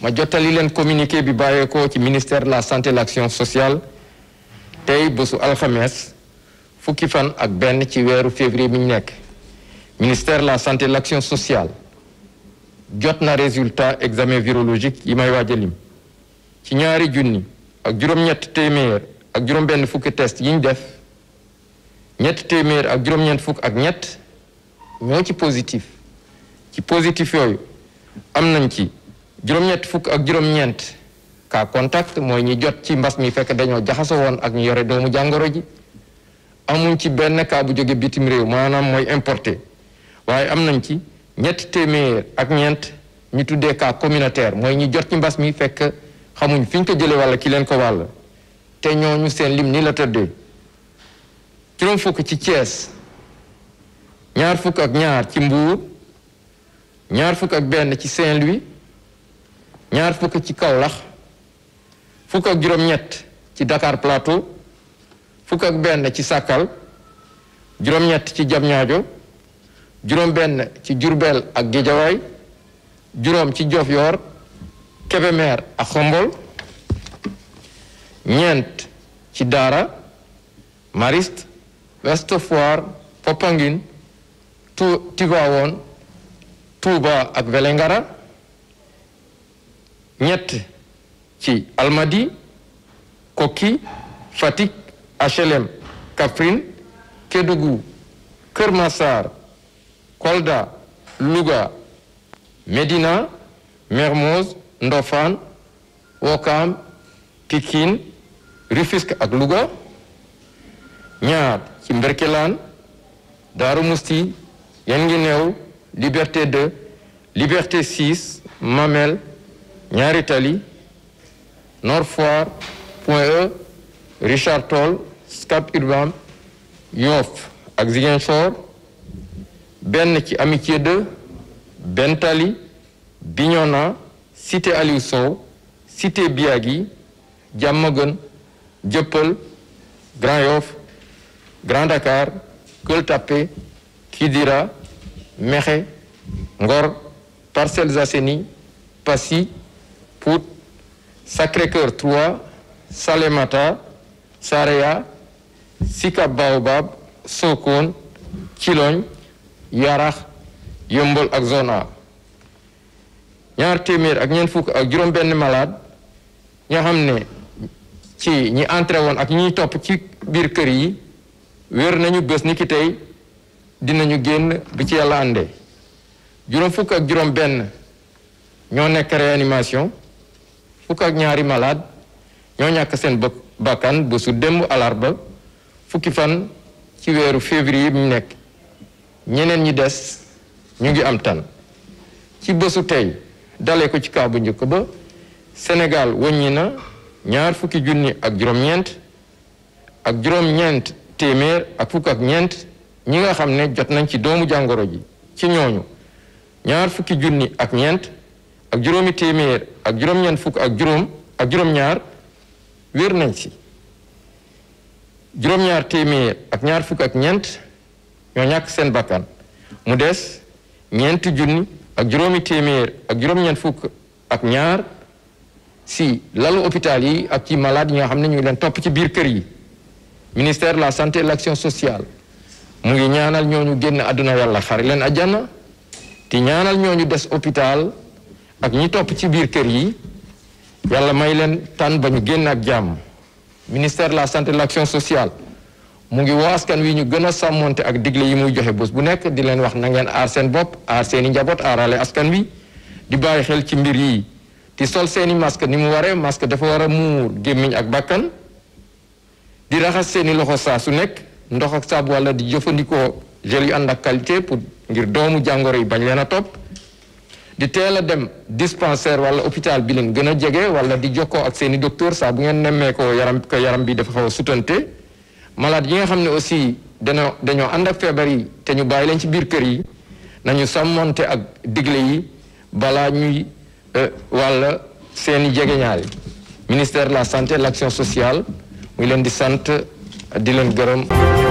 ma jottali leen communiqué bi bàyyeekoo ci ministère la santé l'action sociale tey bésu alxames fukki fan ak benn ci weeru février bi ñu nekk ministère la santé l'action sociale jot na résultat examen virologique yi may waaj ci ñaari junni ak juróom-ñett téeméer ak juróom-benn fukki test yi def ñett téeméer ak juróom-ñeent fukk ak ñett ñoo ci positif ci positif yooyu am nañ ci. juróom-ñett fukk ak juróom-ñeent cas contact mooy ñi jot ci mbas mi fekk dañoo jaxasoo woon ak ñu yore doomu jàngoro ji amuñ ci benn cas bu jóge bitim réew maanaam mooy importé waaye am nañ ci ñett téeméer ak ñeent ñu tuddee cas communautaire mooy ñi jot ci mbas mi fekk xamuñ fi ñu ko jëlee walla ki leen ko wàll te ñooñu seen lim ni la tëddee juróom fukk ci Thiès ñaar fukk ak ñaar ci Mbour ñaar fukk ak benn ci Saint-Louis ñaar fukk ci Kaolack fukk ak juróom-ñett ci Dakar Plateau fukk ak benn ci sàkkal juróom-ñett ci Diamniadio juróom-benn ci Diourbel ak Guédiawaye juróom ci Diofior Kébémer ak Xombol ñeent ci Dara Mariste Ouest Foire Popenguine Tivaouane Touba ak Vélingara ñett ci Almadi Koki Fatick HLM kaprin Kédougou Kër Massar Kolda Louga Médina Mermoz Ndofane Ouakam Pikine Rufisque ak Louga ñaar ci Mberkelaan Daaru Musti Yanguineo Liberté 2 Liberté 6 Mamel ñaari tali Nord Foire Point E Richard Toll Scat Urbam Yoff ak Ziguinchor benn ci Amitié 2 benn tali Bignona Cité Aliou Sow Cité Biagui Diamaguène Dieuppeul Grand Yoff Grand Dakar Gueule Kidira Mékhé Ngor Parcelles Assainies Passy Pout, Sacré-Cœur 3, Salemata, Saréa, Sicap Baobab, Sokone, Thilogne, Yarax Yeumbeul ak zone A ñaar téeméer ak ñeent fukk ak juróom-benn malade ñoo xam ne ci ñi entré woon ak ñi topp ci biir kër yi wér nañu bés ni ki tey dinañu génn bi ci yàlla ànde juróom fukk ak juróom-benn ñoo nekk réanimation fukk ak ñaari malade ñoo ñàkk seen bakkan bàkkan su démb alarba fukki fan ci weeru février yi mu nekk ñeneen ñi des ñu ngi am tan ci bësu tey dale ko ci kaabu njëkk ba senegal wàññi na ñaar fukki junni ak juróom-ñeent ak fukk ak ñeent ñi nga xam ne jot nañ ci doomu jàngoro ji ci ñooñu ñaar fukki junni ak ñeent ak juróomi ak juróom fukk ak juróom ak juróom-ñaar wér nañ si juróom-ñaar téeméer ak ñaar fukk ak ñeent ñoo ñàkk seen bakkan mu des ñeenti junni ak juróomi téeméer ak juróom-ñeent fukk ak ñaar si lalu hôpital yi ak ci malade yi nga xam ne ñu ngi leen topp ci biir kër yi ministère de la santé et sociale mu ngi ñaanal ñooñu génn àdduna yàlla xare leen àjjana te ñaanal ñooñu des hôpital ak ñi topp ci biir kër yi yàlla may leen tànn ba ñu génn ak jàmm ministère la santé de sociale mu ngi woo askan wi ñu gën a sàmmonte ak digle yi muy joxe bés bu nekk di leen wax na ngeen aar seen bopp aar seen i njaboot aarale askan wi di bàyyi xel ci mbir yi di sol seeni i ni mu waree masque dafa war a muur gémmiñ ak bàkkan di raxas seen i loxo saa su nekk ndox ak saabu walla di jëfandikoo gel yu ànd ak qualité pour ngir doomu jàngoro yi bañ leen a topp di teel a dem dispensaire wala hôpital bi leen gën a jege wala di jokkoo ak seeni i docteur saa bu ngeen nemmee ko yaram ko yaram bi dafa xaw a sutante malade yi nga xam ne aussi dañoo dañoo ànd ak feebar yi te ñu bàyyi leen ci biir kër yi nañu sàmmonte ak digle yi balaa ñuy euh, wala seeni i jegeñaale ministère de la santé et l'action sociale muy leen di sant di leen gërëm